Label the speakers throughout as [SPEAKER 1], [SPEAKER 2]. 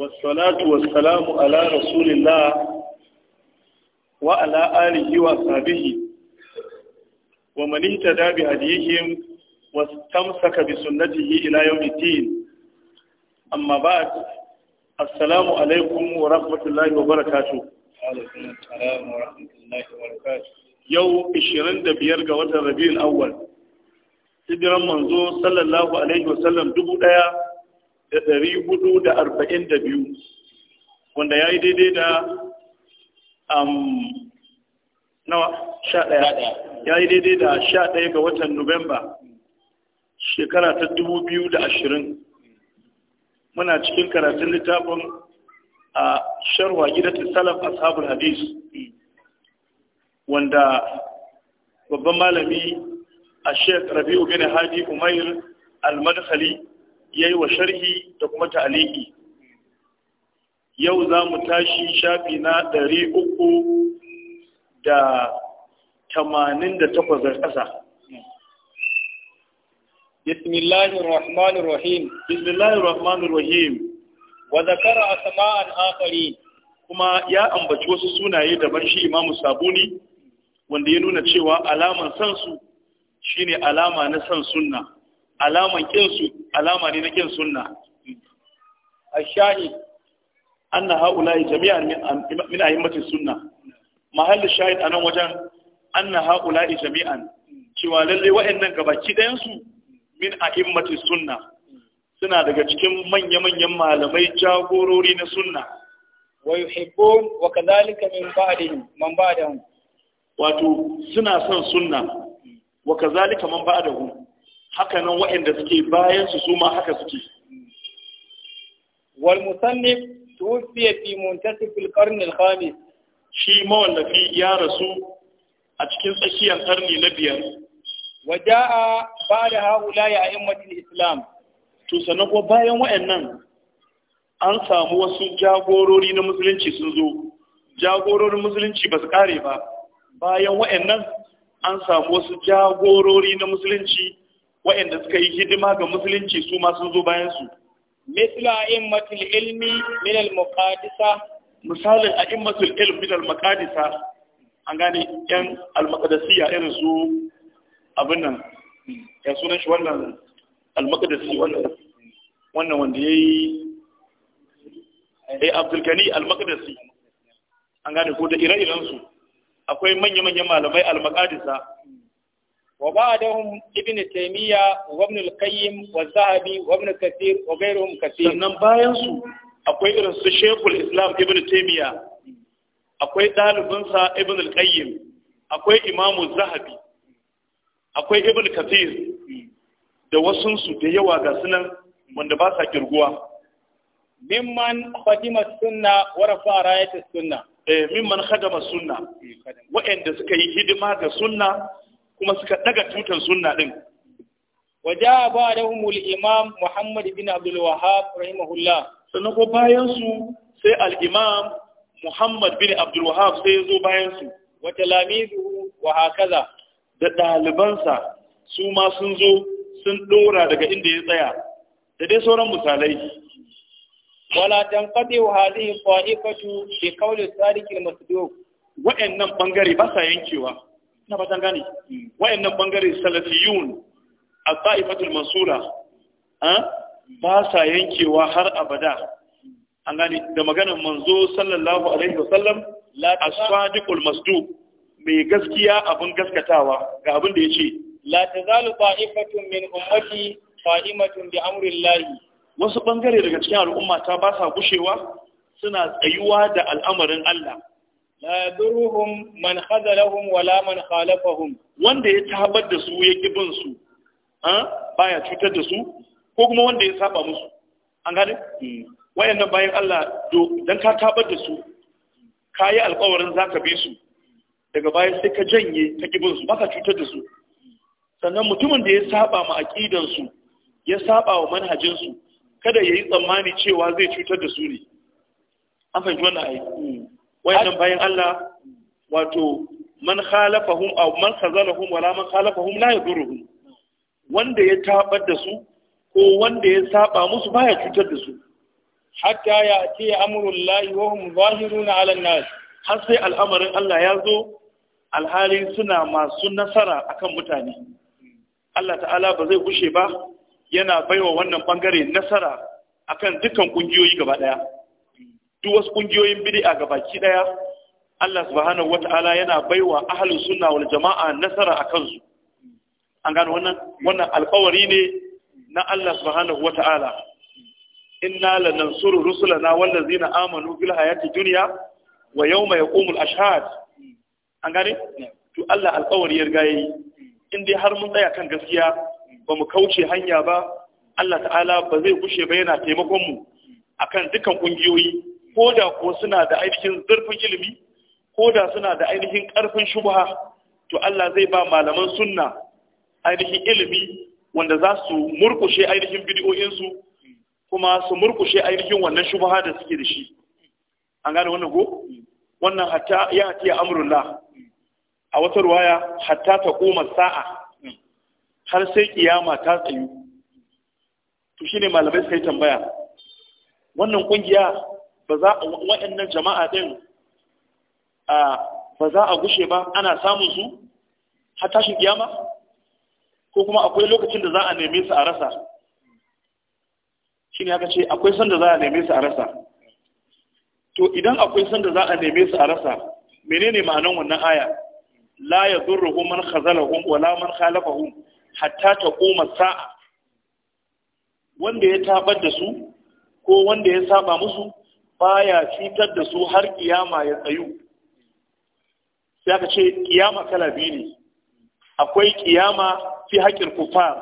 [SPEAKER 1] والصلاة والسلام على رسول الله وعلى آله وصحبه ومن اهتدى بهديهم واستمسك بسنته إلى يوم الدين أما بعد السلام عليكم ورحمة الله وبركاته السلام ورحمة الله وبركاته يوم 25 ga watan الأول Awwal hijiran صلى الله عليه وسلم دبو ɗaya da ɗari hudu da arba'in da biyu wanda ya yi daidai da nawa sha ɗaya ya yi daidai da sha ga watan nuwamba shekara ta dubu biyu da ashirin muna cikin karatun littafin a sharwa gidan salaf ashabul hadis wanda babban malami a shek rabi'u bin hadi umair al-madkhali yi wa sharhi da kuma ta'aliki yau za mu tashi shafi na ɗari uku da tamanin da takwas da ƙasa بسم الله الرحمن الرحيم بسم الله الرحمن الرحيم وذكر أسماء آخرين kuma ya ambaci wasu sunaye daban shi imam sabuni wanda ya nuna cewa alaman sansu shine alama na san sunna alaman kinsu alama ne na kin sunna na anna haula'i jami'an min a'immati sunna mahallu shahid anan wajen anna haula'i jami'an cewa lalle wa'annan gaba ɗayan su min a'immati sunna suna daga cikin manya-manyan malamai jagorori na sunna wa yuhibbun wa kadhalika min ba'dihim man ba'dahum wato suna son sunna wa kadhalika man ba'dahum haka nan waɗanda suke bayan su su ma haka suke wal musanni tuwfiya fi muntasif al-qarn shi ma shi mawallafi ya rasu a cikin tsakiyar karni na biyar waja'a ba'da haula ya a'immatul islam to sanan ko bayan waɗannan an samu wasu jagorori na musulunci sun zo jagororin musulunci ba su kare ba bayan waɗannan an samu wasu jagorori na musulunci waɗanda suka yi hidima ga musulunci su ma sun zo bayan su mithla a'immatul ilmi min al-muqaddisa misalin a'immatul ilmi min al-muqaddisa an gane yan al-muqaddasiya irin su abin nan ya sunan shi wannan al-muqaddasi wannan wannan wanda yayi eh Abdul Gani al-Maqdisi an gane ko da ire-iren su akwai manya-manyan malamai al-Maqadisa وبعدهم ابن تيمية وابن القيم والذهبي وابن كثير وغيرهم كثير sannan bayan akwai irin su Sheikhul Islam Ibn Taymiya akwai dalibin sa Ibn al-Qayyim akwai Imam Zahabi akwai Ibn Kathir da wasun da yawa ga sunan wanda ba sa kirguwa mimman khadima sunna wa rafa rayat sunna eh mimman khadama sunna wa'anda suka yi hidima ga sunna kuma suka daga tutar sunna din waja da al-imam Muhammad bin Abdul Wahhab rahimahullah sannan ko bayan su sai al-imam Muhammad bin Abdul Wahhab sai ya zo bayan su wa talamizuhu wa hakaza da ɗalibansa, su ma sun zo sun dora daga inda ya tsaya da dai sauran misalai wala tanqadi hadhihi qa'ifatu bi qawli sadiq al-masduq wa'annan bangare ba sa yankewa na fatan wayan nan bangare salafiyun a ta'ifatul mansura ba sa yankewa har abada an gani da maganar manzo sallallahu alaihi wasallam la asfadiqul masdu masduq mai gaskiya abin gaskatawa ga abin da yace la tazalu ta'ifatun min ummati qa'imatun bi amrillahi wasu bangare daga cikin al'umma ta ba sa gushewa suna tsayuwa da al'amarin Allah la yadurruhum man khazalahum wala man khalafahum wanda ya tabar da su ya kibin su ha baya cutar da su ko kuma wanda ya saba musu an gane hmm. wayannan bayan Allah do dan ka tabar da su kayi alƙawarin zaka bi su daga baya sai ka janye ta kibin su baka cutar da su sannan mutumin da ya saba ma aqidan su ya saba wa manhajin su kada yayi tsammani cewa zai cutar da su ne an fahimci wannan ayi hmm. wayannan bayan Allah wato man khalafahum aw man khazalahum wala man khalafahum la yaduruhu wanda ya tabar da su ko wanda ya saba musu baya cutar da su hatta ya ce lahi wa hum zahiruna ala nas har sai al'amarin Allah ya zo alhali suna masu nasara akan mutane Allah ta'ala ba zai gushe ba yana baiwa wannan bangare nasara akan dukkan kungiyoyi gaba daya duk wasu kungiyoyin bid'a ga baki daya Allah subhanahu wata'ala yana baiwa ahlus sunna wal jama'a nasara akan su an gano wannan wannan alƙawari ne na Allah subhanahu wata'ala inna lanansuru rusulana wallazina amanu fil hayati dunya wa yawma yaqumul ashhad an gane to Allah alƙawari ya riga yayi in dai har mun tsaya kan gaskiya ba mu kauce hanya ba Allah ta'ala ba zai gushe ba yana taimakon mu akan dukkan kungiyoyi ko da ko suna da ainihin zurfin ilimi ko da suna da ainihin ƙarfin shubha to Allah zai ba malaman sunna ainihin ilimi wanda za su murkushe ainihin bidiyoyinsu kuma su murkushe ainihin wannan shubha da suke da shi an gane wannan ko wannan hatta ya hati amrullah a wata ruwaya hatta ta koma sa'a har sai kiyama ta tsayu to shine malamai sai tambaya wannan kungiya ba za a waɗannan jama'a ɗin ba za a gushe ba ana samun su har tashin kiyama ko kuma akwai lokacin da za a neme su a rasa shi ne haka ce akwai sanda za a neme su a rasa to idan akwai sanda za a neme su a rasa menene ma'anan wannan aya la ya zurruhu man khazalahum wala man khalafahum hatta taquma sa'a wanda ya tabar da su ko wanda ya saba musu baya cutar da su har kiyama ya tsayu sai aka ce kiyama kala biyu ne akwai kiyama fi haƙƙin kufar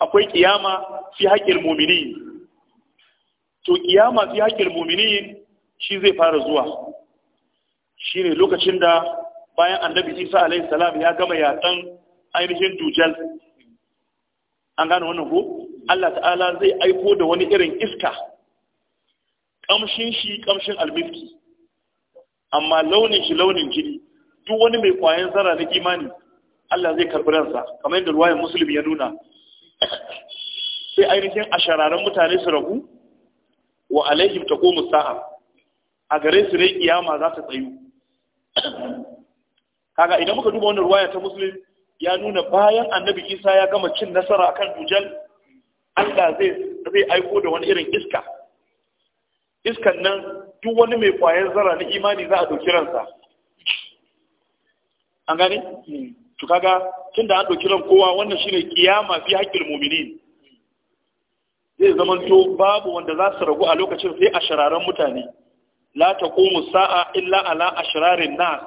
[SPEAKER 1] akwai kiyama fi haƙƙin mumini to kiyama fi haƙƙin mumini shi zai fara zuwa shi ne lokacin da bayan annabi isa alaihi salam ya gama yatsan ainihin dujal an gane wannan ko allah ta'ala zai aiko da wani irin iska kamshin shi kamshin almiski amma launin shi launin jini duk wani mai kwayan zara na imani Allah zai karbi ransa kamar yadda ruwayan musulmi ya nuna sai ainihin ashararan mutane su ragu wa alaihim taqumu sa'a a gare su ne kiyama za ta tsayu kaga idan muka duba wannan ruwaya ta musulmi ya nuna bayan annabi isa ya gama cin nasara kan dujal Allah zai zai aiko da wani irin iska iskan nan duk wani mai kwayar zara na imani za a ɗauki ransa an gane to kaga tun da an ɗauki ran kowa wannan shine kiyama fi haƙƙin mumini zai zamanto babu wanda za su ragu a lokacin sai a shararen mutane la taqumu sa'a illa ala ashrarin na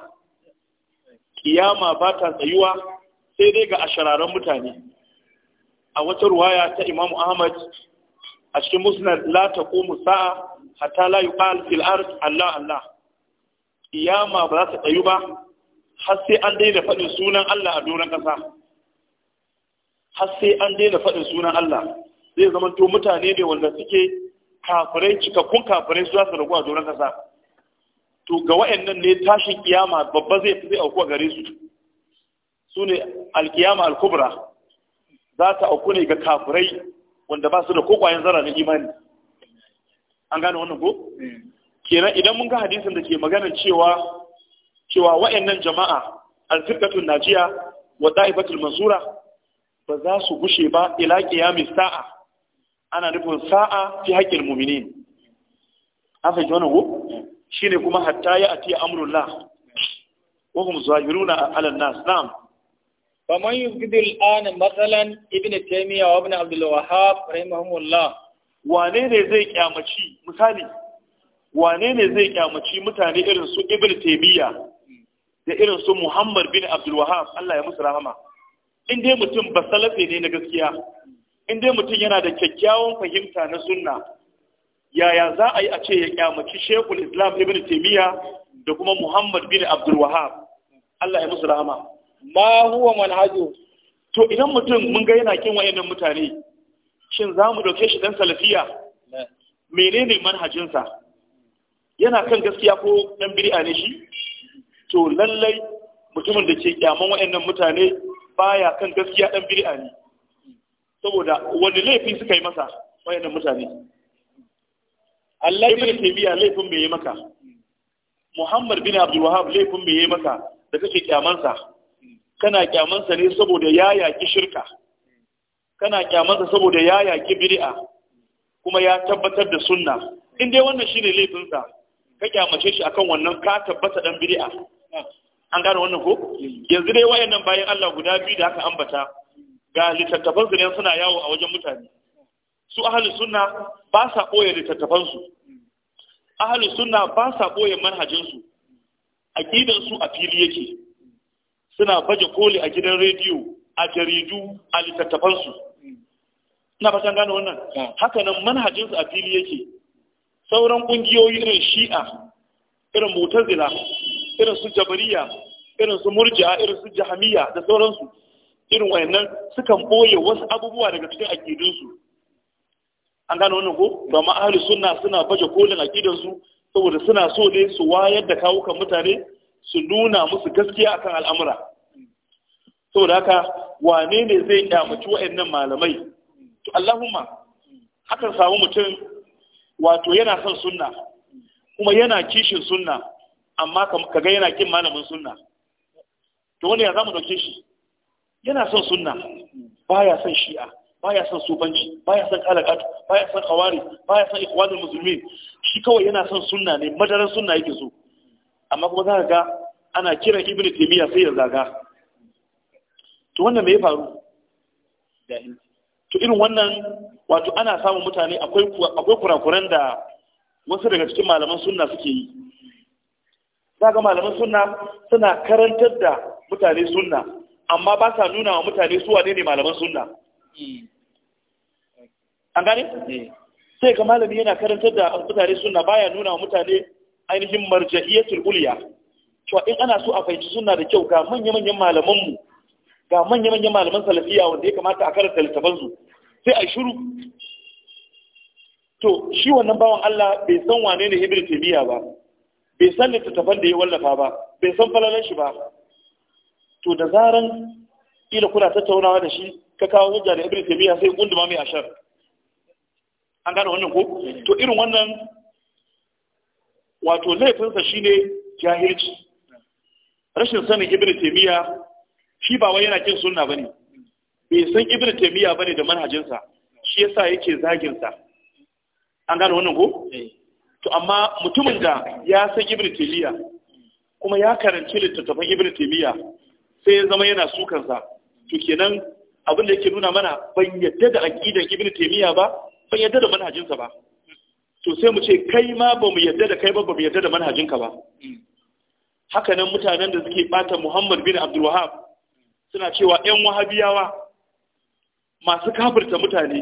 [SPEAKER 1] kiyama ba ta tsayuwa sai dai ga ashraran mutane a wata ruwaya ta imamu Ahmad a cikin musnad la taqumu sa'a hatta la yuqal fil ard Allah Allah kiyama ba za ta tsayu ba har sai an daina faɗin sunan Allah a doron ƙasa har sai an daina faɗin sunan Allah zai zama to mutane ne wanda suke kafirai cikakkun kafirai su za su ragu a doron ƙasa to ga wa'annan ne tashin kiyama babba zai fi zai auku a gare su su ne alkiyama alkubra za ta auku ne ga kafirai wanda ba su da kokwayen zara na imani an gane wannan ko eh. kenan idan mun ga hadisin da ke maganar cewa cewa wa'annan jama'a al-firqatul najiya wa da'ifatul mansura ba za su gushe ba ila qiyamis sa'a ana nufin sa'a fi haqqil mu'minin an fahimci wannan ko shine kuma hatta ya atiya amrullah wa hum zahiruna ala nas na'am فمن يفقد الآن مثلا ابن تيمية وابن عبد الوهاب رحمهم الله wane ne zai kyamaci misali wane ne zai kyamaci mutane irin su ibn taymiya da irin su muhammad bin abdul wahab Allah ya musu rahama in dai mutum ba salafe ne na gaskiya in dai mutum yana da kyakkyawan fahimta na sunna yaya za a yi a ce ya kyamaci shekul islam ibn taymiya da kuma muhammad bin abdul wahab Allah ya musu rahama ma huwa manhaju to idan mutum mun ga yana kin wayannan mutane shin za mu ɗauke shi ɗan salafiya menene manhajinsa yana kan gaskiya ko ɗan bid'a ne shi to lallai mutumin da ke kyaman waɗannan mutane baya kan gaskiya ɗan bid'a ne saboda wani laifi suka yi masa waɗannan mutane Allah ibn Taymiyyah laifin me yi maka Muhammad bin Abdul Wahhab laifin me yi maka da kake kyamansa hmm. kana kyamansa ne saboda ya yaki shirka kana kyamansa saboda ya yaki bid'a kuma ya tabbatar da sunna in dai wannan shine laifinsa ka kyamace shi akan wannan ka tabbata dan bid'a an gane wannan ko yanzu dai wayannan bayan Allah guda biyu da aka ambata ga littattafan su ne suna yawo a wajen mutane su ahlus sunna ba sa koyar littattafan su ahlus sunna ba sa koyar manhajin su aqidan su a fili yake suna baje koli a gidan rediyo a jaridu a littattafan su ina fatan gane wannan haka nan manhajinsu a fili yake sauran ƙungiyoyi irin shi'a irin mutazila irin su jabariya irin su murji'a irin su jahamiya da sauransu irin wayannan sukan boye wasu abubuwa daga cikin akidunsu an gane wannan ko ba ma ahli sunna suna baje kolin akidansu saboda suna so ne su wayar da kawukan mutane su nuna musu gaskiya akan al'amura saboda haka wane ne zai kyamaci wayannan malamai to Allahumma akan samu mutum wato yana son sunna kuma yana kishin sunna amma ka ga yana kin malamin sunna to wanda ya zamu dauke shi yana son sunna baya son shi'a baya son sufanci baya son kalakatu baya son kawari baya son ikwanin musulmi shi kawai yana son sunna ne madarar sunna yake so amma kuma za ka ga ana kira ibnu taymiya sai ya zaga to wannan me ya faru jahilci to irin wannan wato ana samun mutane akwai kurakuran da wasu daga cikin malaman suna suke yi za ga malaman suna suna karantar da mutane suna, amma ba sa nuna wa mutane su wane ne malaman suna. an gane? Eh. sai ga malami yana karantar da mutane suna, baya nuna wa mutane ainihin marja'iyatul uliya cewa in ana so a fahimci suna da kyau ga manya-manyan malamanmu ga manya-manyan malaman salafiya wanda ya kamata a karanta littafansu sai a shiru to shi wannan bawan Allah bai san wane ne ibn taymiya ba bai san littattafan da ya wallafa ba bai san falalan shi ba to da zaran ila kuna tattaunawa da shi ka kawo hujja da ibn taimiyya sai gunduma mai ashar an gane wannan ko to irin wannan wato laifinsa shine jahilci rashin sanin ibn taimiyya. shi ba wai yana kin sunna bane bai san ibnu taymiya bane da manhajinsa shi yasa yake zagin sa an gane wannan ko eh. to amma mutumin da ya san ibnu taymiya kuma ya karanci littattafan ibnu taymiya sai ya zama yana sukan sa to kenan abin da yake nuna mana ban yadda da aqidar ibnu taymiya ba ban yadda da manhajinsa ba to sai mu ce kai ma ba mu yadda da kai ba ba mu yadda da manhajinka ba hmm. haka nan mutanen da suke bata Muhammad bin Abdul Wahhab suna cewa ‘yan wahabiyawa masu kafirta mutane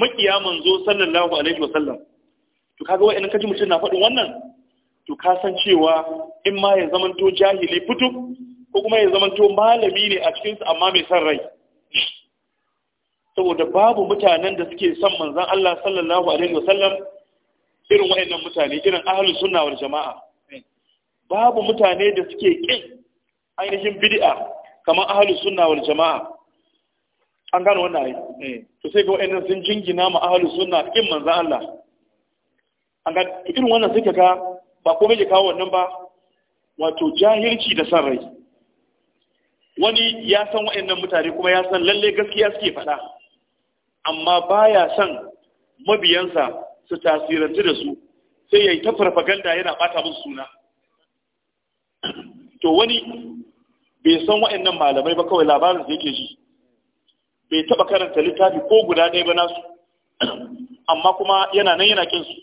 [SPEAKER 1] makiya manzo sallallahu alaihi wasallam to kaga 'yan kaji mutum na faɗin wannan to ka san cewa in ma ya zamanto jahili fito ko kuma ya zamanto malami ne a cikinsu amma mai son rai saboda babu mutanen da suke son manzan Allah sallallahu alaihi wasallam irin wa'annan mutane irin ahlus sunna wal jama'a babu mutane da suke ƙin ainihin bid'a kama ahalu sunna wal jama'a an gano wannan ayi eh. to sai ga wayannan sun jingina ma ahalu sunna kin manzo Allah an ga irin wannan suke ga ba komai ke kawo wannan ba wato jahilci da san rai wani ya san wayannan mutane kuma ya san lalle gaskiya suke faɗa amma baya san mabiyansa su tasirantu da su sai ya yi ta farfaganda yana bata musu suna to wani bai san wa'annan malamai ba kawai labarin da yake ji bai taba karanta littafi ko guda ɗaya ba nasu amma kuma yana nan yana kinsu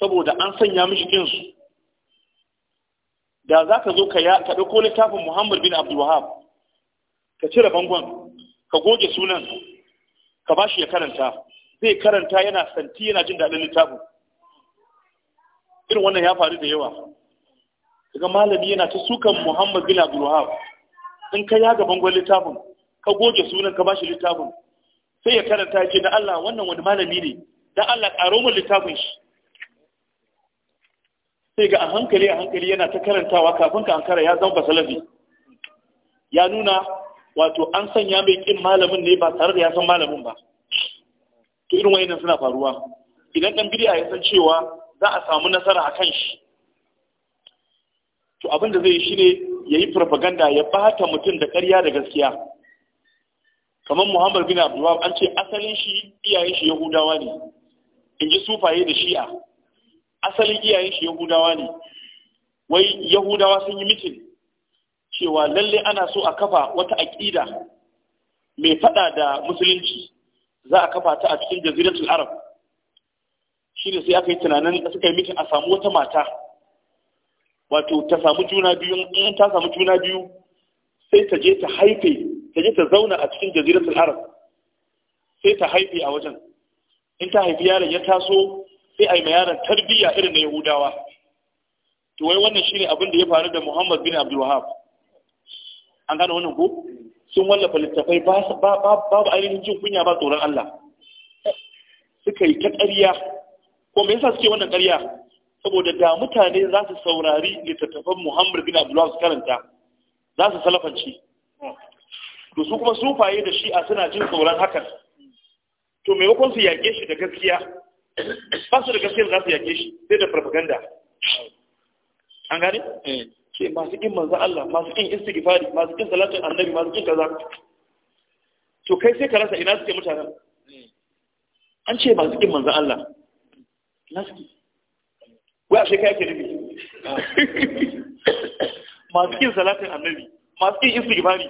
[SPEAKER 1] saboda an sanya mishi kinsu da za ka zo ka ɗauko littafin muhammad bin abdulwahab ka cire bangon ka goge sunan ka ba shi ya karanta zai karanta yana santi yana jin daɗin littafin irin wannan ya faru da yawa daga malami yana ta sukan muhammad bin abdulwahab in ka ya gaban gwal littafin ka goge sunan ka bashi littafin sai ya karanta ce da Allah wannan wani malami ne dan Allah karo mun littafin shi sai ga a hankali a hankali yana ta karantawa kafin ka ankara ya zama basalafi ya nuna wato an sanya mai kin malamin ne ba tare da ya san malamin ba to irin wayannan suna faruwa idan dan bid'a ya san cewa za a samu nasara a kan shi to abinda zai yi ne ya yi farfaganda ya bata mutum da ƙarya da gaskiya kamar muhammad bin abdullahi an ce asalin shi iyayen shi yahudawa ne in ji sufaye da shi'a asalin iyayen shi yahudawa ne wai yahudawa sun yi mitin cewa lalle ana so a kafa wata aƙida mai fada da musulunci za a kafa ta a cikin jaziratul arab shi ne sai aka yi tunanin da suka yi mitin a samu wata mata wato ta samu juna biyu in ta samu juna biyu sai ta je ta haife ta je ta zauna a cikin jaziratul arab sai ta haife a wajen in ta haifi yaron ya taso sai a yi ma yaron tarbiyya irin na yahudawa to wai wannan shine abin da ya faru da muhammad bin abdul wahab an gane wannan ko sun wallafa littafai babu ainihin jin kunya ba tsoron allah suka yi ta ƙarya ko me yasa suke wannan ƙarya saboda da mutane za su saurari littattafan muhammad bin abdullahi su karanta za su salafanci to su kuma sufaye da shi'a suna jin tsoron hakan to maimakon su yage shi da gaskiya ba su da gaskiya za su yage shi sai da farfaganda an gane ce eh. masu kin manzo Allah masu kin istighfari masu kin salatin annabi masu kin kaza to kai sai ka rasa ina suke mutanen eh. an ce masu kin manzo Allah ina suke wai a kai ke nufi masu kin salatin annabi masu kin istighfari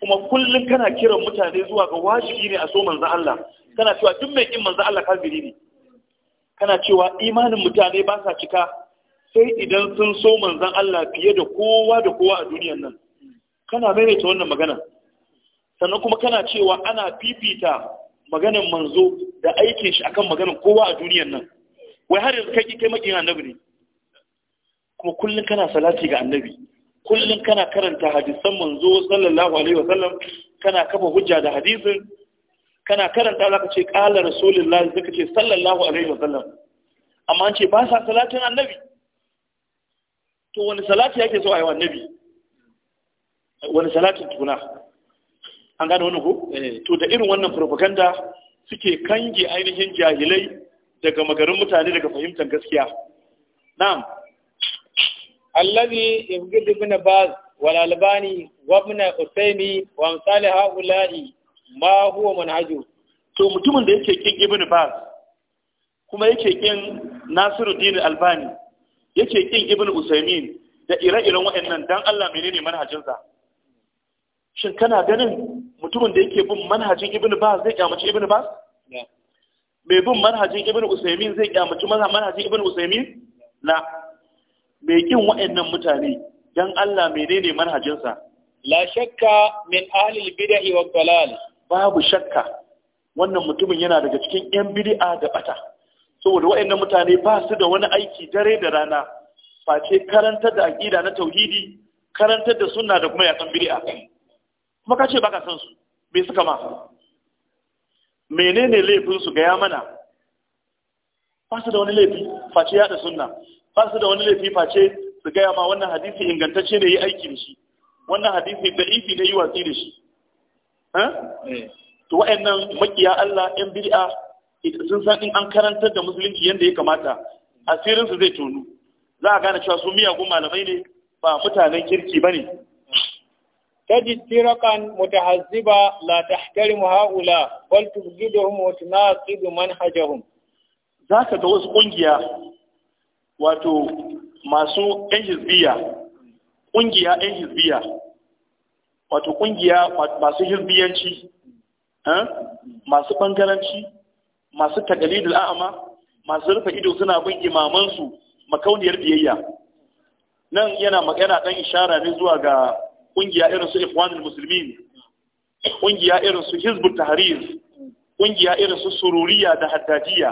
[SPEAKER 1] kuma kullum kana kiran mutane zuwa ga wajibi ne a so manzo Allah kana cewa duk mai kin manza Allah kafiri ne kana cewa imanin mutane ba sa cika sai idan sun so manza Allah fiye da kowa da kowa a duniyar nan kana ta wannan magana sannan kuma kana cewa ana fifita maganar manzo da aikin shi akan maganar kowa a duniyar nan wai har yanzu kai kai makin annabi ne kuma kullum kana salati ga annabi kullum kana karanta hadisan manzo sallallahu alaihi sallam? kana kafa hujja da hadisin kana karanta zaka ce qala rasulullahi zaka ce sallallahu alaihi sallam? amma an ce ba sa salatin annabi to wani salati yake so a yi wa annabi wani salatin tuna an gane wani ko eh. to da irin wannan propaganda suke kange ainihin jahilai daga magarin mutane daga fahimtar gaskiya na'am allazi ibgid ibn baz wal albani wa ibn usaymi wa amsal haula'i ma huwa manhaju to mutumin da yake kin ibn baz kuma yake kin nasiruddin albani yake kin ibn usaymin da ire-iren waɗannan dan Allah menene manhajinsa shin kana ganin mutumin da yake bin manhajin ibn baz zai kyamace ibn ba mai bin manhajin ibn usaimin zai kyamaci manhajin ibn usaimin la mai kin waɗannan mutane dan Allah menene manhajinsa la shakka min ahli bid'ah wa dalal babu shakka wannan mutumin yana daga cikin yan bid'a da bata saboda waɗannan mutane ba su da wani aiki dare da rana face karantar da aqida na tauhidi karantar da sunna da kuma yakan bid'a kuma kace baka san su bai suka ma menene laifin su gaya mana ba su da wani laifi face yada sunna ba su da wani laifi face su gaya ma wannan hadisi ingantacce ne yi aiki da shi wannan hadisi da ifi da yi watsi da shi eh. to wa'annan makiya Allah yan bid'a sun san in an karantar da musulunci yadda ya kamata asirin su zai tono, za a gane cewa su miyagun malamai ne ba mutanen kirki bane تجد فرقا متحزبة لا تحترم هؤلاء بل تبغضهم وتناقض منهجهم ذاك دوز قنجيا واتو masu ɗan hizbiya ƙungiya ɗan ƙungiya masu hizbiyanci masu ɓangaranci masu tagalidul a'ama masu rufe ido suna bin imamansu makauniyar biyayya nan yana magana ɗan ishara ne zuwa ga kungiya irin su Ikhwanul Muslimin kungiya irin su Hizbut Tahrir kungiya irin su Sururiya da Haddadiya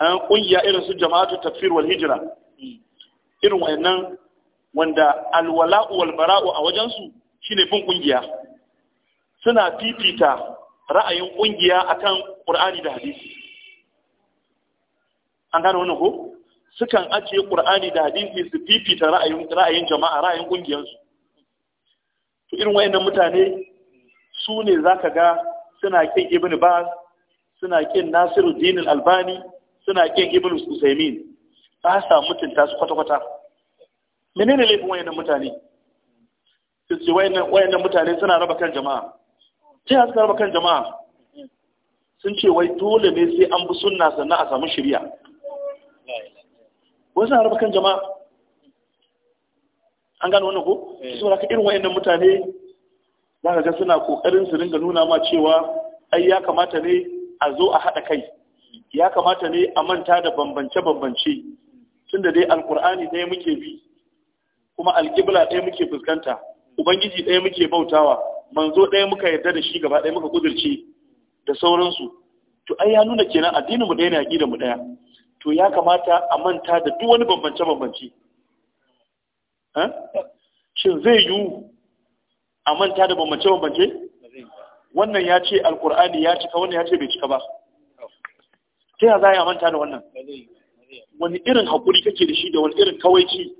[SPEAKER 1] an eh, kungiya irin su Jama'atu Tafsir wal Hijra irin wayannan wanda alwala'u wal bara'u a wajen su shine bin kungiya suna fifita ra'ayin kungiya akan Qur'ani da hadisi an gane wannan ko sukan ajiye Qur'ani da hadisi su fifita ra'ayin ra'ayin jama'a ra'ayin kungiyarsu to irin wayannan mutane su ne za ka ga suna kin ibn baz suna kin nasiru dinin albani suna kin ibn usaimin ba sa mutunta su kwata-kwata menene laifin wayannan mutane su ce wayannan mutane suna raba kan jama'a ce ya suka raba kan jama'a sun ce wai dole ne sai an bi sunna sannan a samu shirya wasu raba kan jama'a an gano wannan ko eh. su ka irin wayannan mutane za ka ga suna kokarin su ringa nuna ma cewa ai ya kamata ne a zo a haɗa kai ya kamata ne a manta da bambance-bambance tunda dai alkur'ani ɗaya muke bi kuma alƙibla ɗaya muke fuskanta ubangiji ɗaya muke bautawa manzo ɗaya muka yarda da shi gaba ɗaya muka kudirce da sauransu to ai ya nuna kenan addinin mu ɗaya ne aƙidar mu ɗaya to ya kamata a manta da duk wani bambance-bambance shin zai yiwu a manta da bambance-bambance wannan ya ce alkur'ani ya cika wannan ya ce bai cika ba ta ya za a manta da wannan wani irin haƙuri kake da shi da wani irin kawaici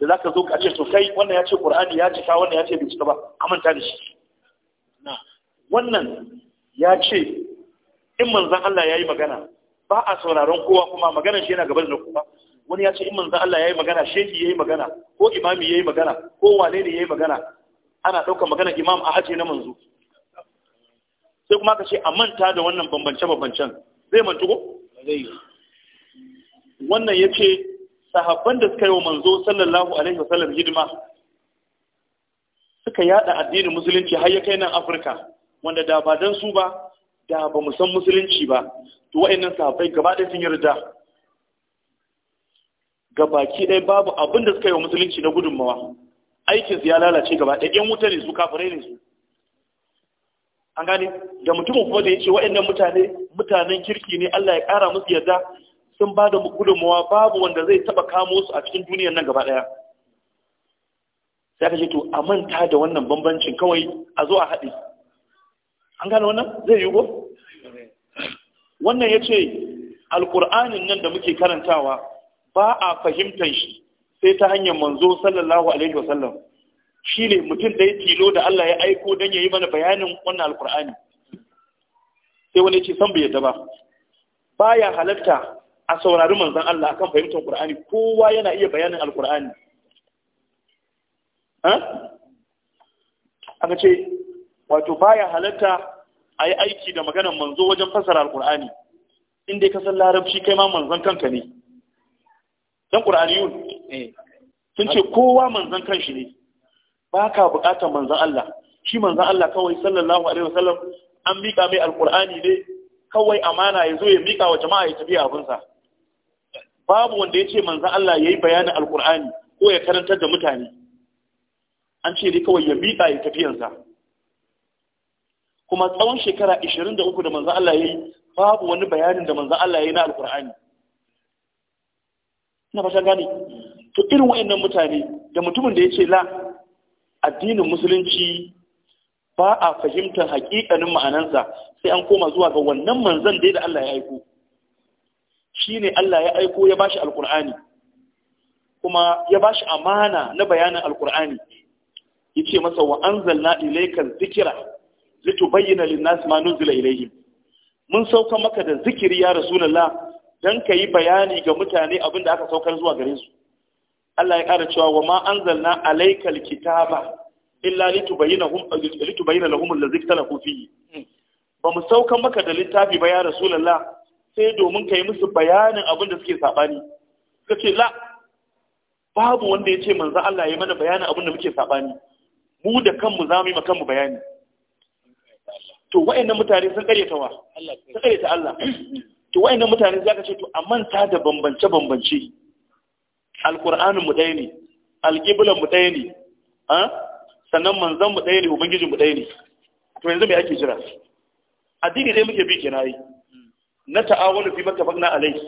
[SPEAKER 1] da za ka zo ka ce sosai kai wannan ya ce ƙur'ani ya cika wannan ya ce bai cika ba a manta da shi wannan ya ce in manzan Allah ya yi magana ba a sauraron kowa kuma maganar shi yana gaba da kowa wani ya ce in manzan Allah ya yi magana shehi yi magana ko imami ya yi magana ko wane ne yi magana ana ɗaukar magana imam a hajji na manzo sai kuma ka ce a manta da wannan bambance bambancen zai mantu ko wannan ya ce sahabban da suka yi wa manzo sallallahu alaihi wasallam hidima suka yada addinin musulunci har ya kai nan afirka wanda da ba dan su ba da ba mu san musulunci ba to wa'annan sahabbai gaba ɗaya sun yarda ga baki ɗaya babu abin da suka yi wa musulunci na gudunmawa aikinsu ya lalace gaba ɗaya yan wuta ne su kafirai ne su an gane da mutumin kuma da ya ce waɗannan mutane mutanen kirki ne Allah ya ƙara musu yarda sun ba da gudunmawa babu wanda zai taɓa kamo su a cikin duniyar nan gaba ɗaya sai ka ce to a manta da wannan bambancin kawai a zo a haɗe an gane wannan zai yi ko wannan ya ce alƙur'anin nan da muke karantawa ba a fahimtar shi sai ta hanyar manzo sallallahu alaihi wasallam shi ne mutum da ya tilo da Allah ya aiko don ya yi mana bayanin wannan alkur'ani sai wani ce san bai yadda ba Ba ya halatta a saurari manzan Allah akan fahimtar Qur'ani kowa yana iya bayanin alkur'ani aka ce wato ba ya halatta a yi aiki da maganar manzo wajen fasara alkur'ani inda ka san larabci kai ma manzan kanka ne dan qur'aniyun eh. sun ce kowa manzan kanshi ne ba ka bukatar manzan Allah shi manzan Allah kawai sallallahu alaihi wasallam an miƙa mai alqur'ani ne kawai amana ya zo ya miƙa wa jama'a ya tafi abinsa babu wanda ya ce manzan Allah ya yi bayanin Alƙur'ani ko ya karantar da mutane an ce dai kawai ya miƙa ya yansa kuma tsawon shekara 23 da manzan Allah ya yi babu wani bayanin da manzan Allah ya yi na Alƙur'ani. ina fata gane to irin wayannan mutane da mutumin da ya ce la addinin musulunci ba a fahimtar haƙiƙanin ma'anansa sai an koma zuwa ga wannan manzan da Allah ya aiko shine Allah ya aiko ya bashi alqur'ani kuma ya bashi amana na bayanin alqur'ani ce masa wa anzalna ilayka dhikra litubayyana lin-nas ma nuzila ilayhim mun sauka maka da zikiri ya rasulullah don ka yi bayani ga mutane abinda da aka saukar zuwa gare su Allah ya ƙara cewa wa ma anzalna alaikal kitaba illa litubayyana lahum allazi ikhtalafu fihi ba mu saukan maka da littafi ba ya rasulullah sai domin ka yi musu bayanin abin da suke sabani kace la babu wanda ya ce manzo Allah ya mana bayanin abin da muke sabani mu da kanmu za mu yi kanmu bayani to wa'annan mutane sun karyata wa sun karyata Allah to wayannan mutane za ka ce to a manta da bambance-bambance alkur'anin mu ɗaya ne alƙiblan mu ɗaya ne sannan manzan mu ɗaya ne ubangijin mu ɗaya ne to yanzu me ake jira addini dai muke bi ke yi na ta'awunu fi mattafaqna alayhi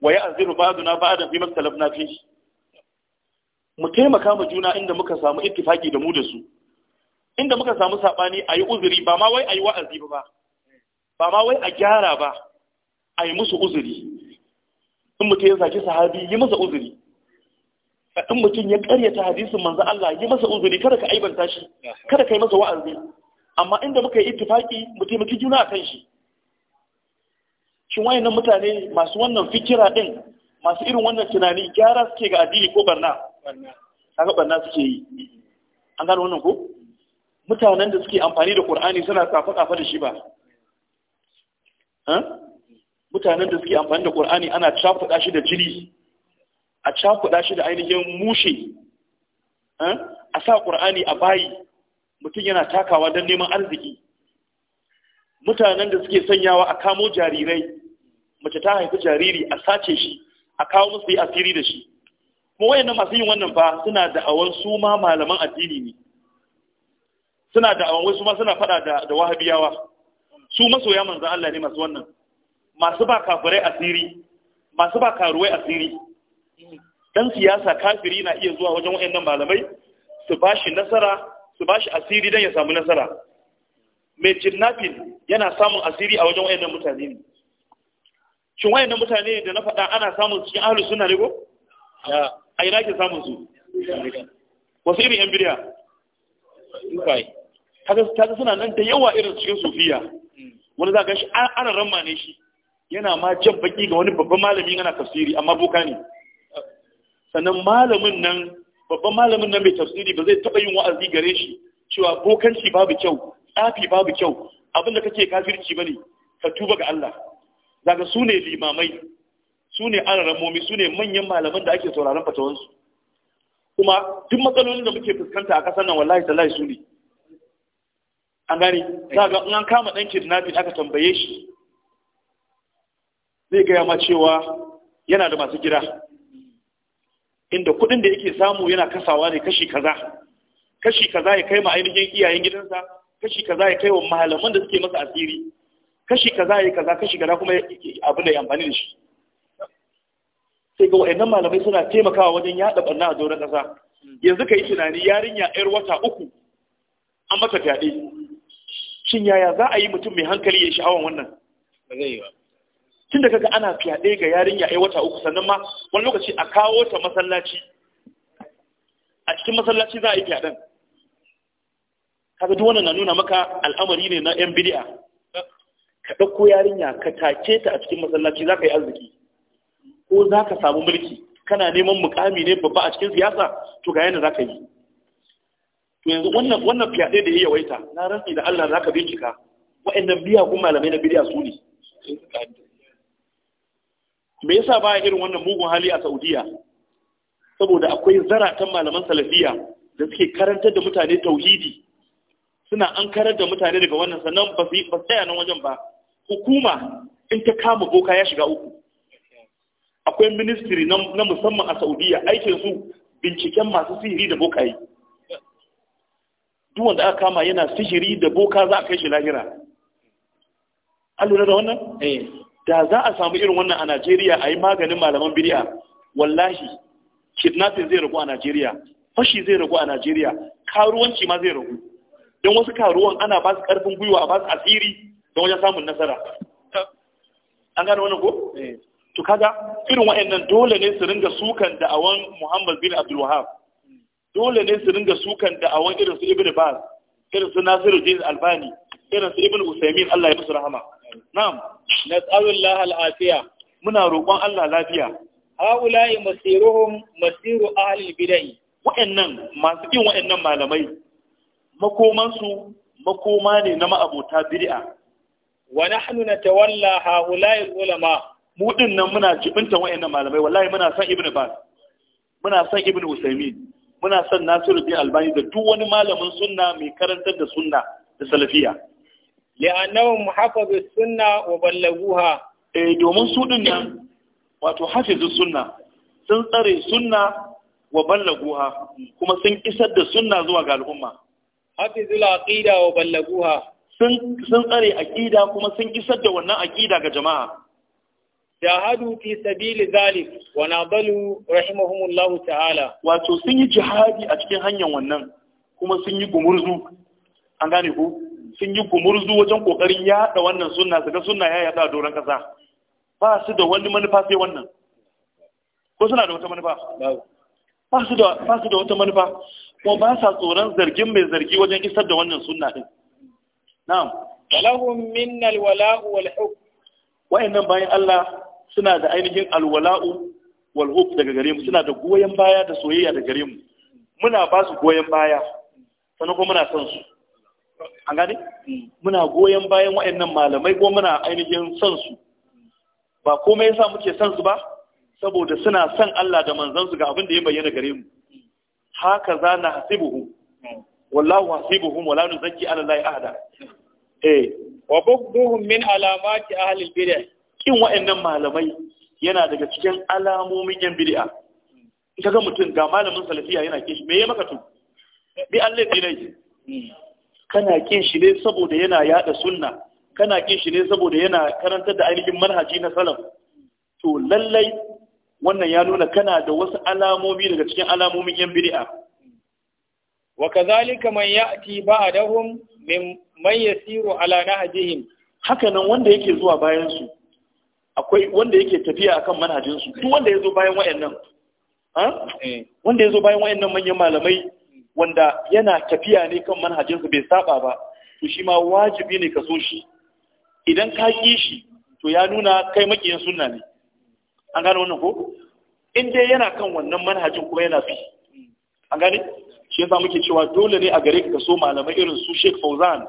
[SPEAKER 1] wa ya'ziru ba'duna ba'dan fi mattalafna fi mu taimaka mu juna inda muka samu ittifaki da mu da su inda muka samu sabani ayi uzuri ba ma wai ayi wa'azi ba ba ma wai a gyara ba a yi musu uzuri in mutum ya zaki sahabi yi masa uzuri in mutum ya karyata hadisin manzo Allah yi masa uzuri kada ka aibanta shi kada ka yi masa wa'azi amma inda muka yi ittifaki mu taimaki juna a kan shi shin wayannan mutane masu wannan fikira din masu irin wannan tunani gyara suke ga addini ko barna kaga barna suke yi an gano wannan ko mutanen da suke amfani da Qur'ani suna kafa kafa da shi ba mutanen da suke amfani da ƙur'ani ana cakuɗa shi da jini a cakuɗa shi da ainihin mushe eh, a sa ƙur'ani a bayi mutum yana takawa don neman arziki mutanen da suke sanyawa a kamo jarirai mace ta haifi jariri a sace shi a kawo musu yi asiri da shi kuma wayannan masu yin wannan fa suna awon su ma malaman addini ne suna wai wasu ma suna faɗa da wahabiyawa su masoya manzan Allah ne masu wannan masu ba kafirai asiri masu ba karuwai asiri dan siyasa kafiri na iya zuwa wajen wayannan malamai su bashi nasara su bashi asiri dan ya samu nasara mai kidnapping yana samun asiri a wajen wayannan mutane ne shin wayannan mutane da na faɗa ana samun cikin ahlus sunna ne ko a ina ke samun su wasu irin yan bidiya kaga suna nan da yawa irin cikin sufiya hmm. wani za ka shi ana ramma ne shi yana ma jan baki ga wani babban malami yana tafsiri amma boka ne sannan malamin nan babban malamin nan mai tafsiri ba zai taɓa yin wa'azi gare shi cewa bokanci babu kyau tsafi babu kyau abin da kake kafirci bane ka tuba ga Allah daga su ne limamai su ne alaramomi su ne manyan malaman da ake sauraron su kuma duk matsalolin da muke fuskanta a ƙasar nan wallahi tallahi su ne an gani. za ga in an kama dan kidnapping aka tambaye shi zai gaya ma cewa yana da masu gida inda kuɗin da yake samu yana kasawa ne kashi kaza kashi kaza ya kai ma ainihin iyayen gidansa kashi kaza ya kai wa malaman da suke masa asiri kashi kaza ya kaza kashi kaza kuma abin da ya amfani da shi sai ga wa'annan malamai suna taimakawa wajen yaɗa ɓanna a doron ƙasa yanzu ka yi tunani yarinya yar wata uku an mata fyaɗe shin yaya za a yi mutum mai hankali ya sha'awan wannan ba zai yi ba tun da kaga ana fyaɗe ga yarinya ya wata uku sannan ma wani lokaci a kawo ta masallaci a cikin masallaci za a yi fyaɗen kaga duk wannan na nuna maka al'amari ne na yan bidi'a? ka ɗauko yarinya ka take ta a cikin masallaci za ka yi arziki ko za ka samu mulki kana neman mukami ne babba a cikin siyasa to ga yadda za ka yi yanzu wannan wannan fyaɗe da ya yawaita na rantsi da Allah za ka bincika wa'annan biya kuma malamai na bidiya su ne me yasa ba irin wannan mugun hali a saudiya saboda akwai zaratan malaman salafiya da suke karantar da mutane tauhidi suna an karar da mutane daga wannan sannan ba su tsaya nan wajen ba hukuma in ta kama boka ya shiga uku akwai ministry na musamman a saudiya aikin su binciken masu sihiri da bokaye duk wanda aka kama yana sihiri da boka za a kai shi lahira an lura da wannan eh. da za a samu irin wannan a Najeriya a yi maganin malaman biriya, wallahi kidnapping zai ragu a Najeriya fashi zai ragu a Najeriya karuwanci ma zai ragu don wasu karuwan ana ba su karfin gwiwa a ba su asiri don wajen samun nasara an gane wannan ko eh. to kaga irin wa'annan dole ne su ringa sukan da'awan Muhammad bin Abdul dole ne su ringa sukan da'awan irin su Ibn Baz irin su Nasiruddin Albani irin su Ibn Usaymin Allah ya musu rahama na'am lahal afiya, muna roƙon Allah lafiya haula'i masiruhum masiru ahli bid'ah wa'annan masu bin wa'annan malamai makomansu makoma ne na ma'abota hannu wa nahnu natawalla haula'i ulama mu nan muna jibinta wa'annan malamai wallahi muna san ibn bas muna san ibn usaymin muna san bin albani da duk wani malamin sunna mai karantar da sunna da salafiya li'annahum hafazu sunna wa ballaguha eh domin su din nan wato hafizu sunna sun tsare sunna wa ballaguha kuma sun isar da sunna zuwa ga al'umma hafizul aqida wa ballaguha sun sun tsare aqida kuma sun isar da wannan aqida ga jama'a jahadu fi sabili zalik wa nadalu rahimahumullahu ta'ala wato sun yi jihadi a cikin hanyar wannan kuma sun yi gumurzu an gane ku sun yi kumurzu wajen kokarin yaɗa wannan sunna su ga sunna ya yada doron kasa ba su da wani manufa sai wannan ko suna da wata manufa ba su da wata manufa ko ba sa tsoron zargin mai zargi wajen isar da wannan sunna din na'am walahum min alwala'u wal hub wa'annan bayan Allah suna da ainihin alwala'u wal hub daga gare mu suna da goyen baya da soyayya da gare mu muna ba su goyen baya sannan kuma muna son su an gane muna goyon bayan waɗannan malamai ko muna ainihin son su ba komai yasa muke son su ba saboda suna son Allah da su ga abin da ya bayyana gare mu haka za na hasibuhu wallahu hasibuhum wala nuzakki ala allahi ahada eh wa bughduhum min alamati ahli al-bid'ah kin waɗannan malamai yana daga cikin alamomin yan Ita kaga mutum ga malamin salafiya yana kishi me ya maka to bi Allah dinai kana kin shi ne saboda yana yada sunna kana kin shi ne saboda yana karantar da ainihin manhaji na salaf to lallai wannan ya nuna kana da wasu alamomi daga cikin alamomin yan bid'a wa kazalika man ya'ti ba'dahum min man yasiru ala nahjihim haka nan wanda yake zuwa bayan su akwai wanda yake tafiya akan manhajin su duk wanda yazo bayan wayannan ha eh. wanda yazo bayan wayannan manyan malamai wanda yana tafiya ne kan manhajinsa bai saba ba to shi ma wajibi ne ka so shi idan ka yi shi to ya nuna kai makiyin sunna ne an gane wannan ko in dai yana kan wannan manhajin kuma yana fi an gane shi yasa muke cewa dole ne a gare ka so malamai irin su Sheikh Fauzan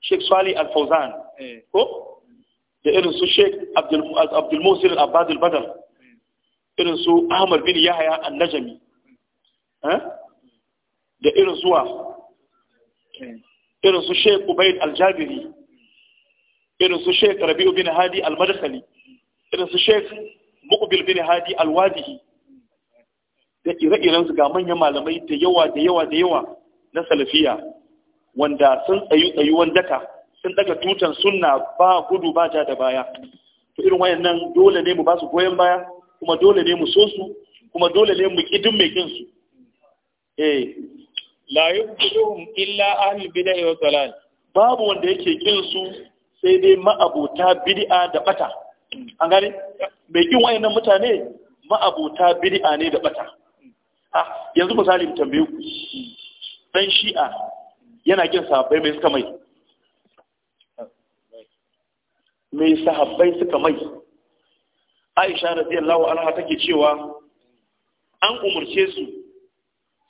[SPEAKER 1] Sheikh Swali Al Fauzan eh. ko da irin su Sheikh Abdul Abdul Musil Al Abbad Al Badr eh. irin su Ahmad bin Yahya al Najmi eh da irin zuwa irin su Sheikh Ubayd aljabiri irin su Sheikh Rabi'u bin Hadi almadakali, irin su Sheikh Muqbil bin Hadi alwadihi, da ire-iren su ga manyan malamai da yawa da yawa da yawa na salafiya wanda sun tsayu tsayuwan daka sun daga tutan sunna ba gudu ba ja da baya to irin wayannan dole ne mu ba su goyon baya kuma dole ne mu so su kuma dole ne mu kidin mai kinsu eh la yubghiduhum illa ahlul bid'ah wa dalal babu wanda yake kin su sai dai ma'abota bid'a da bata an gane bai kin wayannan mutane ma'abota bid'a ne da bata ah yanzu misali tambaye ku dan shi'a yana kin sahabbai mai suka mai mai sahabbai suka mai Aisha radiyallahu anha take cewa an umarce su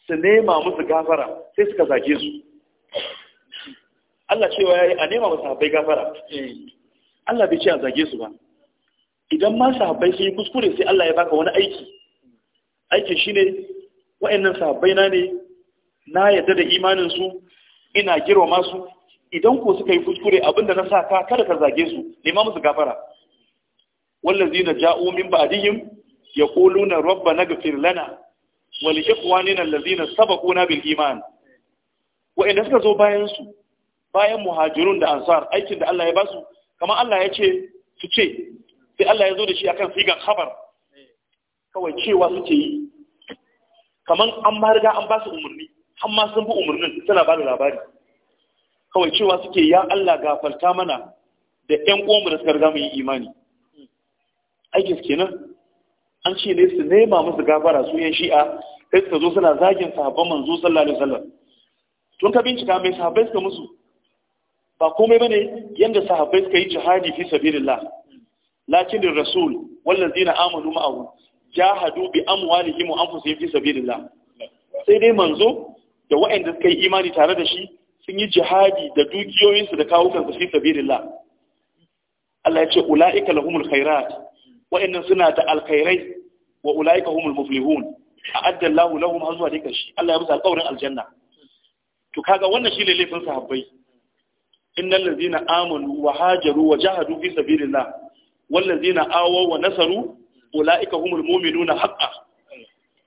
[SPEAKER 1] su nema musu gafara sai suka zage su Allah cewa yi a nema musu haɓai gafara Allah bai ce a zage su ba idan ma su sun yi kuskure sai Allah ya baka wani aiki aikin shine wa'annan sahabbai na ne na yadda da imanin su ina girma su idan ko suka yi kuskure abinda na sa ka kada ka zage su nema musu gafara na ja'u min ba'dihim yaquluna rabbana ighfir lana wali ikhwanina allazina sabaquna bil iman wa'anda suka zo bayan su bayan muhajirun da ansar aikin da Allah ya basu kamar Allah ya ce su ce sai Allah ya zo da shi akan sigan khabar kawai cewa suke yi kamar an ma riga an ba su umarni har ma sun bi umarnin suna ba da labari kawai cewa suke ya Allah gafalta mana da ƴan uwanmu da suka riga mu yi imani aikin kenan an ce ne su nema musu gafara su yan shi'a sai suka zo suna zagin sahabban manzo sallallahu alaihi wasallam tun ka bincika mai sahabbai suka musu ba komai bane yanda sahabbai suka yi jihadi fi sabilillah lakin da rasul wallazina amanu ma'ahu jahadu bi amwalihim wa anfusihim fi sabilillah sai dai manzo da wa'anda suka yi imani tare da shi sun yi jihadi da dukiyoyinsu da kawukansu fi sabilillah Allah ya ce ula'ika lahumul khairat wa'annan suna da alkhairai wa ulaika humul muflihun a'adda Allah lahum azwa dika shi Allah ya musu alƙawarin aljanna to kaga wannan shine laifin sahabbai innal ladzina amanu wa hajaru wa jahadu fi sabilillah wal ladzina awaw wa nasaru ulaika humul mu'minuna haqqan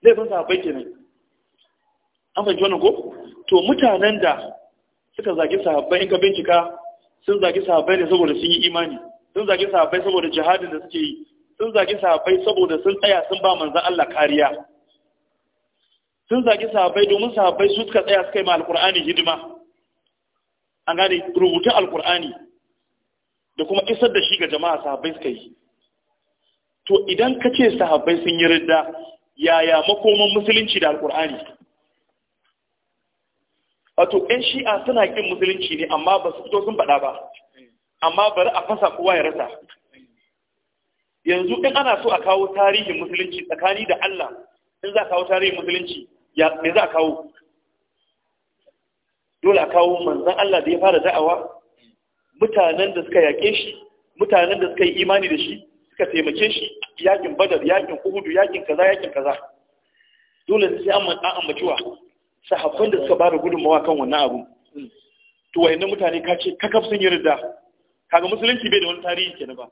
[SPEAKER 1] laifin sahabbai kenan an fahimci wannan ko to mutanen da suka zagi sahabbai in ka bincika sun zagi sahabbai ne saboda sun yi imani sun zagi sahabbai saboda jihadin da suke yi sun zagi sahabbai saboda sun tsaya sun ba manzan Allah kariya sun zagi sahabbai domin sahabbai su suka tsaya suka yi ma alkur'ani hidima an gane rubutun alkur'ani da kuma isar da shi ga jama'a sahabbai suka yi to idan ka ce sahabbai sun yi ridda yaya makoman musulunci da alkur'ani wato 'yan shi'a suna kin musulunci ne amma ba su fito sun faɗa ba amma bari a fasa kowa ya rasa yanzu in ana so a kawo tarihin musulunci tsakani da Allah in za a kawo tarihin musulunci ya me za a kawo dole a kawo manzon Allah da ya fara da'awa mutanen da suka yaƙe shi mutanen da suka yi imani da shi suka taimake shi yakin badar yakin uhudu yakin kaza yakin kaza dole sai an ambaci wa sahabban da suka bada gudunmawa kan wannan abu to wayannan mutane ka ce kakaf sun yi ridda kaga musulunci bai da wani tarihi kenan ba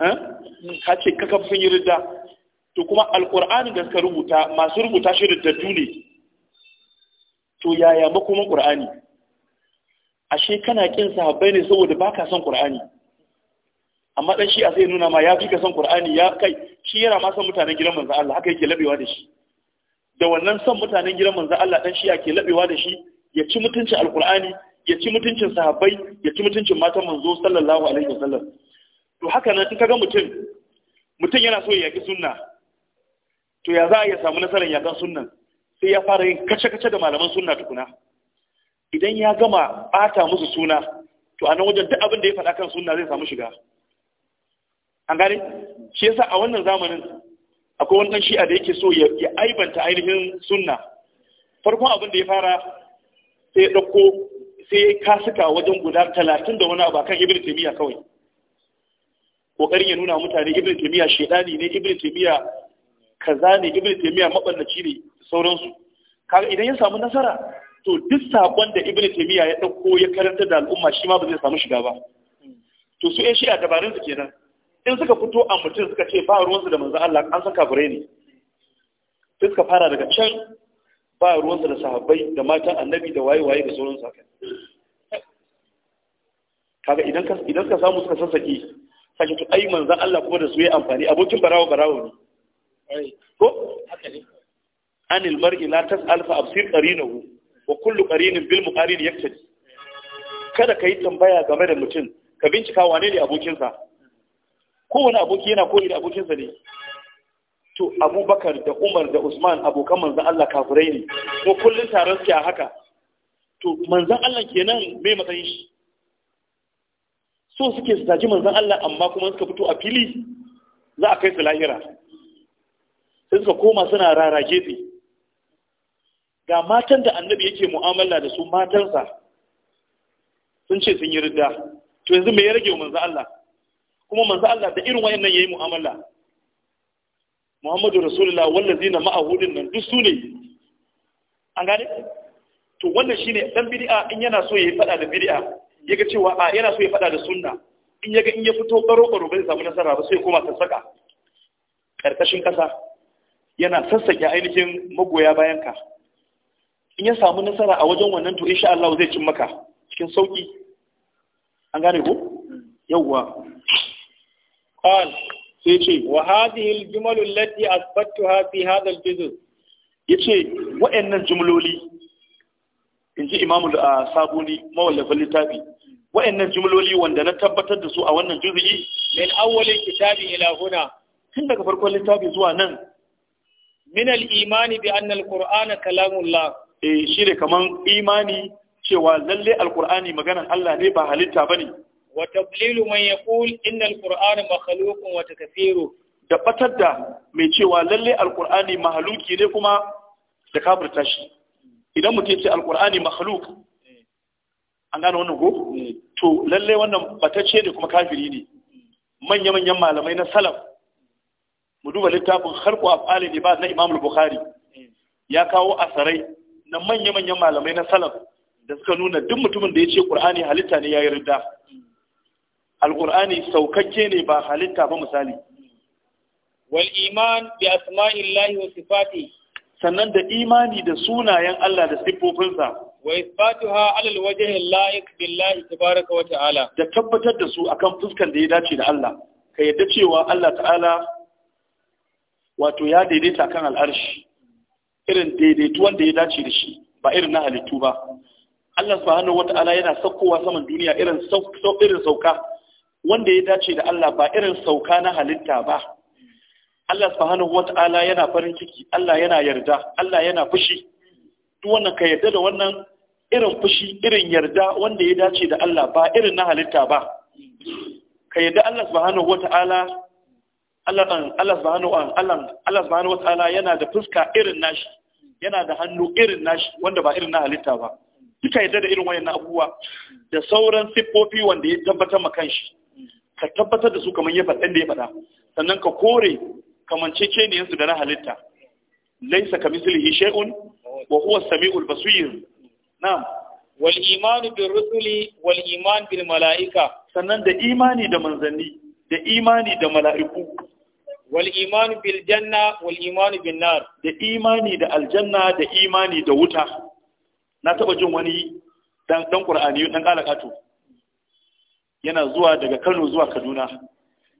[SPEAKER 1] Eh? ka kafin kaka ridda to kuma alqur'ani da suka rubuta masu rubuta shi da ne to yaya kuma ƙur'ani ashe kana kin sahabbai ne saboda baka son ƙur'ani amma dan shi a sai nuna ma ya fi ka son ƙur'ani ya kai shi yana ma son mutanen gidan manzo Allah haka yake labewa da shi da wannan son mutanen gidan manzo Allah dan shi ke labewa da shi ya ci mutuncin alƙur'ani ya ci mutuncin sahabbai ya ci mutuncin matan manzo sallallahu alaihi wasallam to haka nan in kaga mutum mutum yana so ya yaki sunna to ya za a iya samu nasarar yakan sunnan sai ya fara yin kace-kace da malaman sunna tukuna idan ya gama bata musu suna to a nan wajen duk abin da ya faɗa kan sunna zai samu shiga an gane shi yasa a wannan zamanin akwai wani ɗan shi'a da yake so ya aibanta ainihin sunna farkon abin da ya fara sai ya ɗauko sai ya kasuka wajen guda talatin da wani abu akan ibn taimiyya kawai kokarin ya nuna mutane ibn taymiya shedani ne ibn taymiya kaza ne ibn taymiya maballaci ne sauransu kaga idan ya samu nasara to duk sabon da ibn taymiya ya dauko ya karanta da al'umma shi ma ba zai samu shiga ba to su eh shi a dabarun su kenan in suka fito a mutum suka ce ba ruwansu da manzo Allah an san kafirai ne sai suka fara daga can ba ruwansu da sahabbai da matan annabi da waye-waye da sauransu haka kaga idan ka samu suka sassaki sake to ai manzan Allah kuma da su yi amfani abokin barawo barawo ne ko anil mar'i la tas'al fa absir qarinahu wa kullu qarinin bil muqarin yaktadi kada ka yi tambaya game da mutum ka bincika wane ne abokinsa kowane aboki yana koyi da abokinsa ne to abubakar da umar da usman abokan manzan allah kafurai ne ko kullum taron suke a haka to manzan allah kenan me matsayin shi so suke su taji manzan Allah amma kuma suka fito a fili za a kai su lahira sai suka koma suna rara gefe ga matan da annabi yake mu'amala da su matansa sun ce sun yi ridda to yanzu me ya rage wa manzan Allah kuma manzan Allah da irin wayannan yayi mu'amala Muhammadu Rasulullah wallazina ma'ahudin nan duk su ne an gane to wannan shine dan bid'a in yana so yayi fada da bid'a ya ga cewa a yana so ya faɗa da sunna in ya ga in ya fito baro-baro bai samu nasara ba sai koma sassaka ƙarƙashin ƙasa yana sassaƙe ainihin magoya bayanka in ya samu nasara a wajen wannan to insha Allah zai cin maka cikin sauƙi an gane ko yawwa qal sai ce wa hadhihi al-jumal allati asbattuha fi hadha al-juz yace waɗannan jumloli inji imamu sabuni mawallafin littafi wa'annan jumloli wanda na tabbatar da su a wannan juzu'i min awwalil kitabi ila huna tun daga farkon littafi zuwa nan min al-imani bi anna al-qur'ana kalamullah eh shine kaman imani cewa lalle al-qur'ani maganan Allah ne ba halitta bane wa tablilu man yaqul inna al-qur'ana makhluqun wa takfiru da batar da mai cewa lalle al-qur'ani mahaluki ne kuma da kafirta shi idan mutum ya ce al-qur'ani makhluk an gane wannan ko eh. to lalle wannan batacce ne kuma kafiri ne manya-manyan malamai na salaf mu duba littafin harko a ne ba na imam bukhari eh. ya kawo asarai na manya-manyan malamai na salaf da suka nuna duk mutumin da ya ce qur'ani halitta ne ya yi ridda hmm. alqur'ani saukakke ne ba halitta ba misali hmm. wal iman bi asma'illahi wa sifatihi sannan da imani da sunayen Allah da siffofinsa wa isbatuha ala alwajhi la'iq billahi tabaraka wa ta'ala da tabbatar da su akan fuskan da ya dace da Allah ka yadda cewa Allah ta'ala wato ya daidaita kan al'arshi irin daidaituwan wanda ya dace da shi ba irin na halittu ba Allah subhanahu wa ta'ala yana saukowa saman duniya irin irin sauka wanda ya dace da Allah ba irin sauka na halitta ba Allah subhanahu wa ta'ala yana farin ciki Allah yana yarda Allah yana fushi duk wannan ka yarda da wannan irin fushi irin yarda wanda ya dace da Allah ba irin na halitta ba ka yarda Allah subhanahu wata'ala Allah Allah subhanahu Allah Allah subhanahu wata'ala yana da fuska irin nashi yana da hannu irin nashi wanda ba irin na halitta ba duka yarda da irin wayannan abubuwa da sauran sifofi wanda ya tabbatar ma kanshi ka tabbatar da su kamar ya faɗa da ya faɗa sannan ka kore yansu da na halitta laisa ka shay'un wa huwa sami'ul basir na'am wal iman bir rusuli wal iman bil malaika sannan da imani da manzanni da imani da mala'iku wal iman bil janna wal bin nar da imani da aljanna da imani da wuta na taba jin wani dan dan qur'ani dan kalakato yana zuwa daga Kano zuwa Kaduna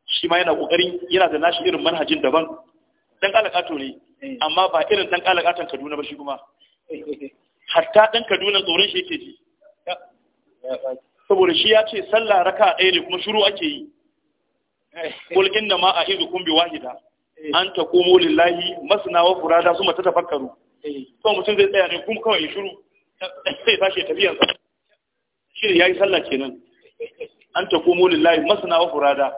[SPEAKER 1] shi ma yana kokari yana da nashi irin manhajin daban dan kalakato ne amma ba irin dan kalakatan Kaduna ba shi kuma hatta dan Kaduna tsoron shi yake ji saboda shi ya ce sallah raka ɗaya ne kuma shiru ake yi kul inna ma a'idukum bi wahida an ta komo lillahi masna wa furada su mata tafakkaru. to mutum zai tsaya ne kuma kawai shiru sai tashi tafiyan sa shi yayi sallah kenan an ta komo lillahi masna wa furada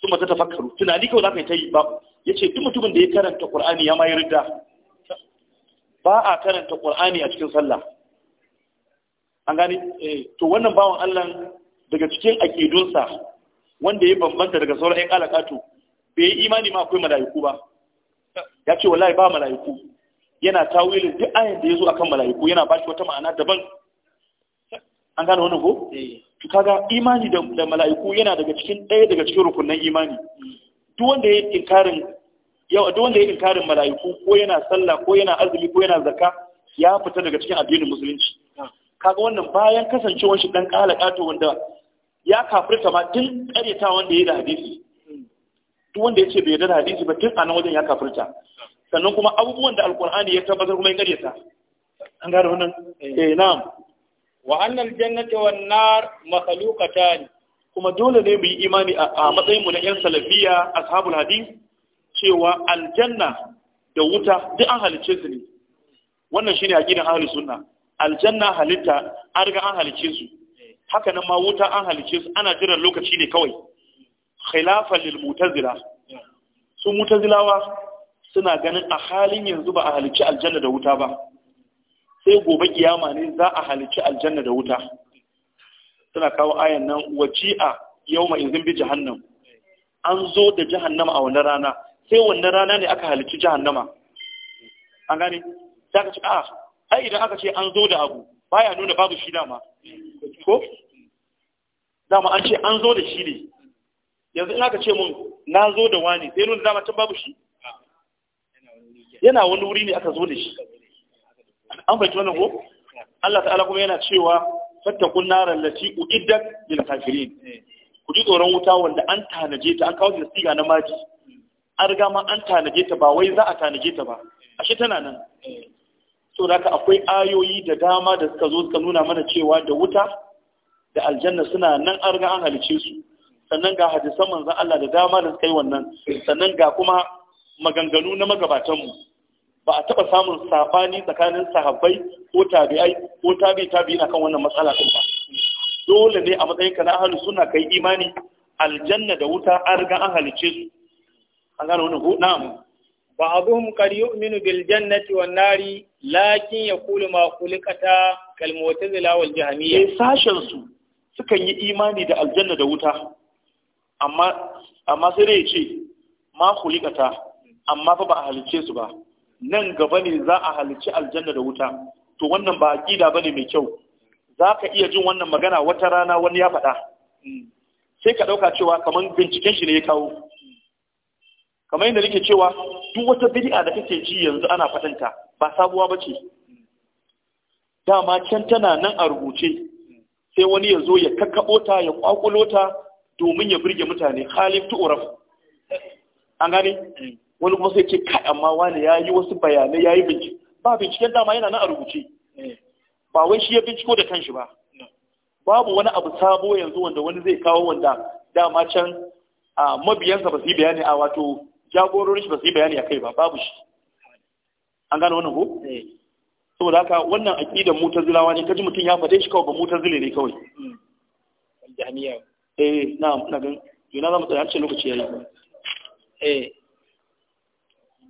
[SPEAKER 1] Su mata tafakkaru. tunani kawai zaka yi ta yi ba Ya ce duk mutumin da ya karanta ƙur'ani ya ma da. ba a karanta ƙur'ani a cikin sallah an gani eh, to wannan bawan Allah daga cikin aƙidunsa wanda ya bambanta daga sauran ƴan alaƙatu bai yi imani ma akwai malayiku ba ya ce wallahi ba malayiku yana tawilin duk ayin da ya zo akan malayiku yana ba shi wata ma'ana daban an gane wannan ko eh. to kaga imani da malayiku yana daga cikin ɗaya daga cikin rukunnan imani duk wanda ya inkarin yau duk mala'iku ko yana sallah ko yana azumi ko yana zakka ya fita daga cikin addinin musulunci kaga wannan bayan kasancewar shi dan kalaka to wanda ya kafirta ma tun kareta wanda ya da hadisi duk wanda ya ce bai yarda da hadisi ba tun a nan wajen ya kafirta sannan kuma abubuwan da alkur'ani ya tabbatar kuma ya karyata. an gane wannan eh. eh na'am wa annal jannata wan nar makhluqatan kuma dole ne mu yi imani a matsayin mu na 'yan salafiya ashabul hadis cewa aljanna da wuta duk an halicce su ne wannan shine aqidan ahlus sunna aljanna halitta an riga an halicce su haka nan ma wuta an halicce su ana jiran lokaci ne kawai khilafan lil mutazila su mutazilawa suna ganin a halin yanzu ba a halicci aljanna da wuta ba sai gobe kiyama ne za a halicci aljanna da wuta suna kawo ayan nan waji'a ma izin bi jahannam an zo da jahannama a wannan rana sai wannan rana ne aka halicci jahannama an gane ta ka ce a ah, ai idan aka ce an zo da abu baya nuna babu shi dama ko dama an ce an zo da shi ne yanzu in aka ce mun na zo da wani sai nuna dama can babu shi yana wani wuri ne aka zo da shi an fahimci wannan ko Allah ta'ala kuma yana cewa fattakun narar lati uiddat lil kafirin ku ji tsoron wuta wanda an tanaje ta an kawo da siga na maji an riga ma an tanaje ta ba wai za a tanaje ta ba ashe tana nan so da akwai ayoyi da dama da suka zo suka nuna mana cewa da wuta da aljanna suna nan an riga an halice su sannan ga hadisan manzon Allah da dama da suka yi wannan sannan ga kuma maganganu na magabatanmu ba a taɓa samun safani tsakanin sahabbai ko tabi'ai ko tabi na kan wannan matsala ɗin ba dole ne a matsayinka na ahlus suna kai imani aljanna da wuta an riga an halice su an gane wannan hudu na'am بعضهم nari lakin بالجنة والنار لكن يقول ما خلقت كالمعتزلة والجهمية ساشن su sukan yi imani da aljanna da wuta amma amma sai dai ce ma khuliqata amma fa ba a halice su ba nan gaba ne za a halici aljanna da wuta to wannan ba aqida bane mai kyau za ka iya jin wannan magana wata rana wani ya faɗa sai ka ɗauka cewa kamar binciken shi ne ya kawo kamar yadda nake cewa duk wata bid'a da kake ji yanzu ana faɗanta ba sabuwa ba ce dama can tana nan a rubuce sai wani ya zo ya kakkaɓo ta ya kwakulo ta domin ya birge mutane halif tu'uraf an gane wani kuma sai ce kai amma wani ya yi wasu bayanai ya yi bincike ba binciken dama yana nan a rubuce ba wai shi ya binciko da kanshi ba babu wani abu sabo yanzu wanda wani zai kawo wanda dama can a mabiyansa ba su yi bayani a wato jagororin shi ba su yi bayani a kai ba babu shi an gane wannan ko eh. saboda haka wannan mutar zilawa ne kaji mutum ya fade shi kawai ba zile ne kawai hmm. eh na na ga yana zama tsaya lokaci yayi eh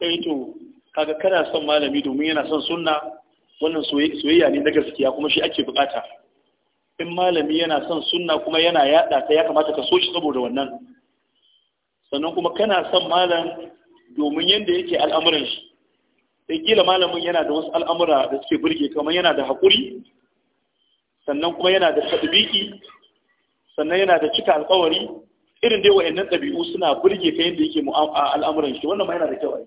[SPEAKER 1] Eh kaga kana son malami domin yana son sunna wannan soyayya ne na gaskiya kuma shi ake bukata in malami yana son sunna kuma yana yada ta ya kamata ka so shi saboda wannan sannan kuma kana son malam domin yadda yake al'amuran shi sai gila malamin yana da wasu al'amura da suke burge kamar yana da haƙuri sannan kuma yana da sadbiki sannan yana da cika alƙawari irin dai wa'annan ɗabi'u suna burge ka yadda yake al'amuran shi wannan ma yana da kyau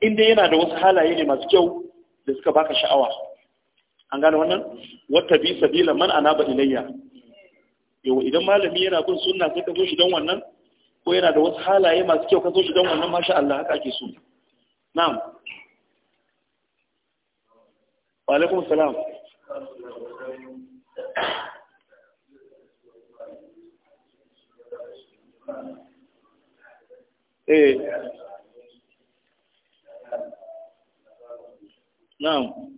[SPEAKER 1] in dai yana da wasu halaye ne masu kyau da suka baka sha'awa an gane wannan wata bi sabila man ana ba ilayya yau idan malami yana bin sunna sai ka zo shi don wannan ko yana da wasu halaye masu kyau ka zo shi don wannan masha Allah haka ake so na'am wa alaikum salam eh na'am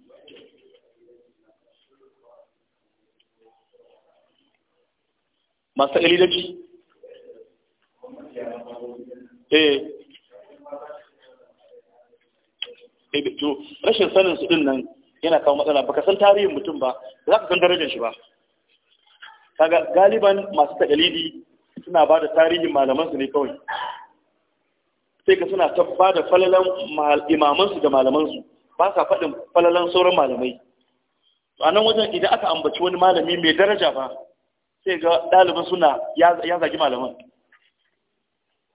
[SPEAKER 1] masu ƙalilanci eh. eh to rashin sanin su ɗin nan yana kawo matsala baka san tarihin mutum ba za ka san darajar shi ba kaga galiban masu takalidi suna ba da tarihin malamansu ne kawai sai ka suna ta ba da falalan imamansu da malamansu ba sa faɗin falalan sauran malamai a nan wajen idan aka ambaci wani malami mai daraja ba sai ga ɗalibin suna ya zagi malaman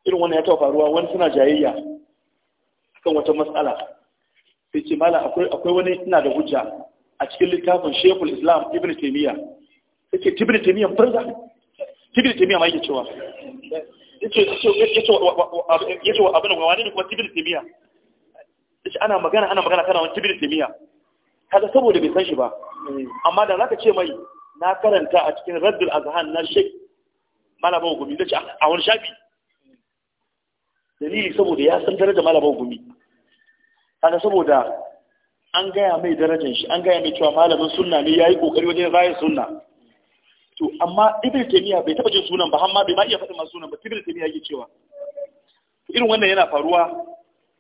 [SPEAKER 1] irin wani ya taɓa faruwa wani suna jayayya kan wata matsala sai ce mala akwai wani suna da hujja a cikin littafin shekul islam ibn taimiyya sai ce ibn taimiyya banza tibir timiya ma yake cewa ce wa abin wani ne kuma tibir timiya shi ana magana ana magana kana wani tibir timiya kaga saboda bai san shi ba amma da zaka ce mai na karanta a cikin raddul azhan na shek malaba gumi ce a wani shafi dalili saboda ya san daraja malaba gumi kaga saboda an gaya mai darajar shi an gaya mai cewa malamin sunna ne yayi kokari wajen rayar sunna to amma ibn taymiya bai taba jin sunan ba amma bai ma iya faɗin masu sunan ba ibn taymiya yake cewa irin wannan yana faruwa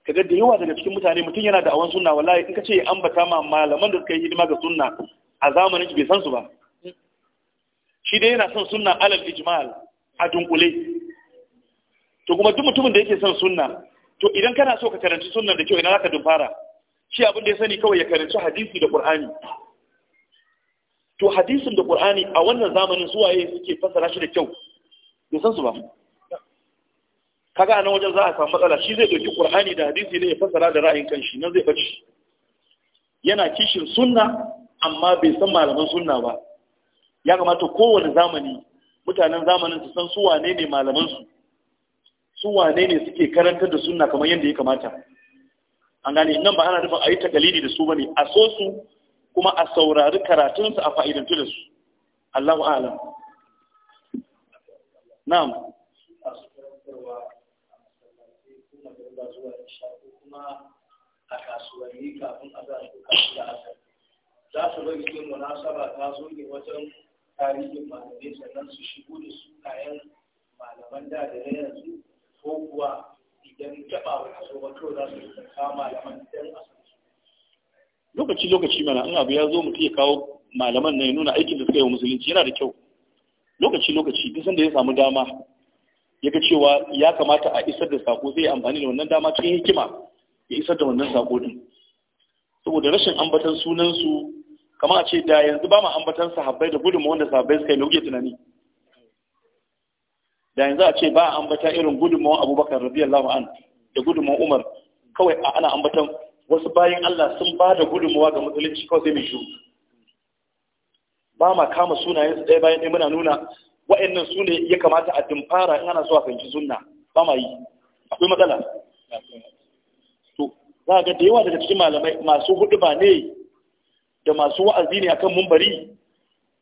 [SPEAKER 1] kaga da yawa daga cikin mutane mutum yana da awan sunna wallahi in ka ce ya ambata ma malaman da suka yi hidima ga sunna a zamanin shi bai san su ba shi dai yana son sunna alal ijmal a dunkule to kuma duk mutumin da yake son sunna to idan kana so ka karanci sunna da kyau ina zaka fara shi abin da ya sani kawai ya karanci hadisi da qur'ani to hadisin da qur'ani a wannan zamanin suwaye suke fassara shi da kyau bai san su ba kaga a nan wajen za a samu matsala shi zai ɗauki ƙur'ani da hadisi ne ya fassara da ra'ayin kanshi nan zai fashi. yana kishin sunna amma bai san malaman sunna ba ya kamata kowane zamani mutanen zamanin su san su wane ne malaman su su wane ne suke karantar da sunna kamar yadda ya kamata an gane nan ba ana nufin a yi takalidi da su bane a so su kuma a saurari karatunsa a fa'idantu da su Allahu alam na'am a kasuwanni kafin a za su kasu da asali za su bari yin munasaba ta zo ne wajen tarihin malamai sannan su shigo da su kayan malaman da da na yanzu ko kuwa idan gaba wa zo wato za su kama malaman dan asali lokaci lokaci mana in abu ya zo mutum ya kawo malaman na ya nuna aikin da suka yi wa musulunci yana da kyau lokaci lokaci duk sanda ya samu dama ya ga cewa ya kamata a isar da sako zai amfani da wannan dama cikin hikima ya isar da wannan sako din saboda rashin ambatan sunansu kamar a ce da yanzu ba mu ambatan sahabbai da gudun wanda sahabbai suka yi lauke tunani da yanzu a ce ba a ambata irin gudunmu abubakar radiyallahu an da gudunmu umar kawai ana ambatan wasu bayan Allah sun ba da gudunmuwa ga musulunci kawai sai mai shi ba ma kama sunayen su ɗaya bayan ɗaya muna nuna wa'annan su ne ya kamata a dimfara in ana so a fahimci sunna ba ma yi akwai matsala to za ga da yawa daga cikin malamai masu hudu ba ne da masu wa'azi ne akan mumbari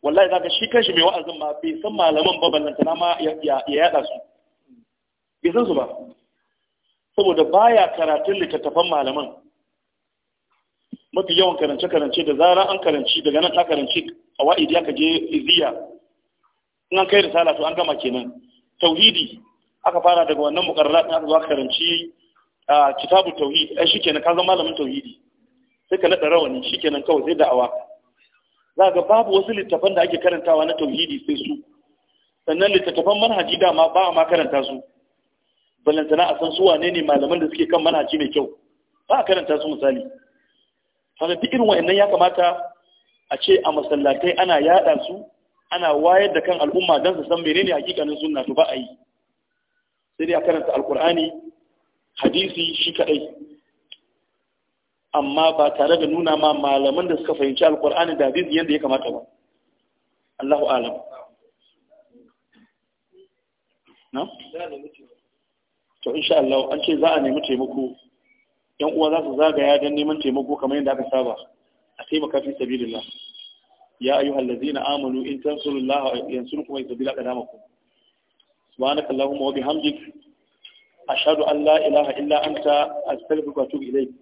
[SPEAKER 1] wallahi za ka shi kanshi mai wa'azin ma bai san malaman ba ballantana ma ya yada su bai san su ba saboda baya karatun littattafan malaman mafi yawan karance-karance da zara an karanci daga nan ta karanci a wa'idi aka je iziya in an kai risala to an gama kenan tauhidi aka fara daga wannan mukarrar aka zo karanci a kitabu tauhid ai shikenan ka zama malamin tauhidi sai ka nada rawani shikenan kawai sai da'awa za ga babu wasu littafan da ake karantawa na tauhidi sai su sannan littattafan manhaji dama ba a ma karanta su balantana a san su wane ne malaman da suke kan manhaji mai kyau ba a karanta su misali Sada duk irin wa'annan ya kamata a ce a masallatai ana yada su ana wayar da kan al'umma don su san menene hakikanin sunna to ba a yi. Sai dai a karanta alkur'ani hadisi shi kadai. Amma ba tare da nuna ma malaman da suka fahimci alkur'ani da hadisi yadda ya kamata ba. Allahu alam. Na? To insha Allah an ce za a nemi taimako yan uwa za su zagaya don neman taimako kamar yadda aka saba a taimaka fi sabilillah ya ayyuhal ladzina amanu in tansurullaha yansurkum wa yuthabbit aqdamakum subhanaka allahumma wa bihamdik ashhadu an la ilaha illa anta astaghfiruka wa atubu ilayk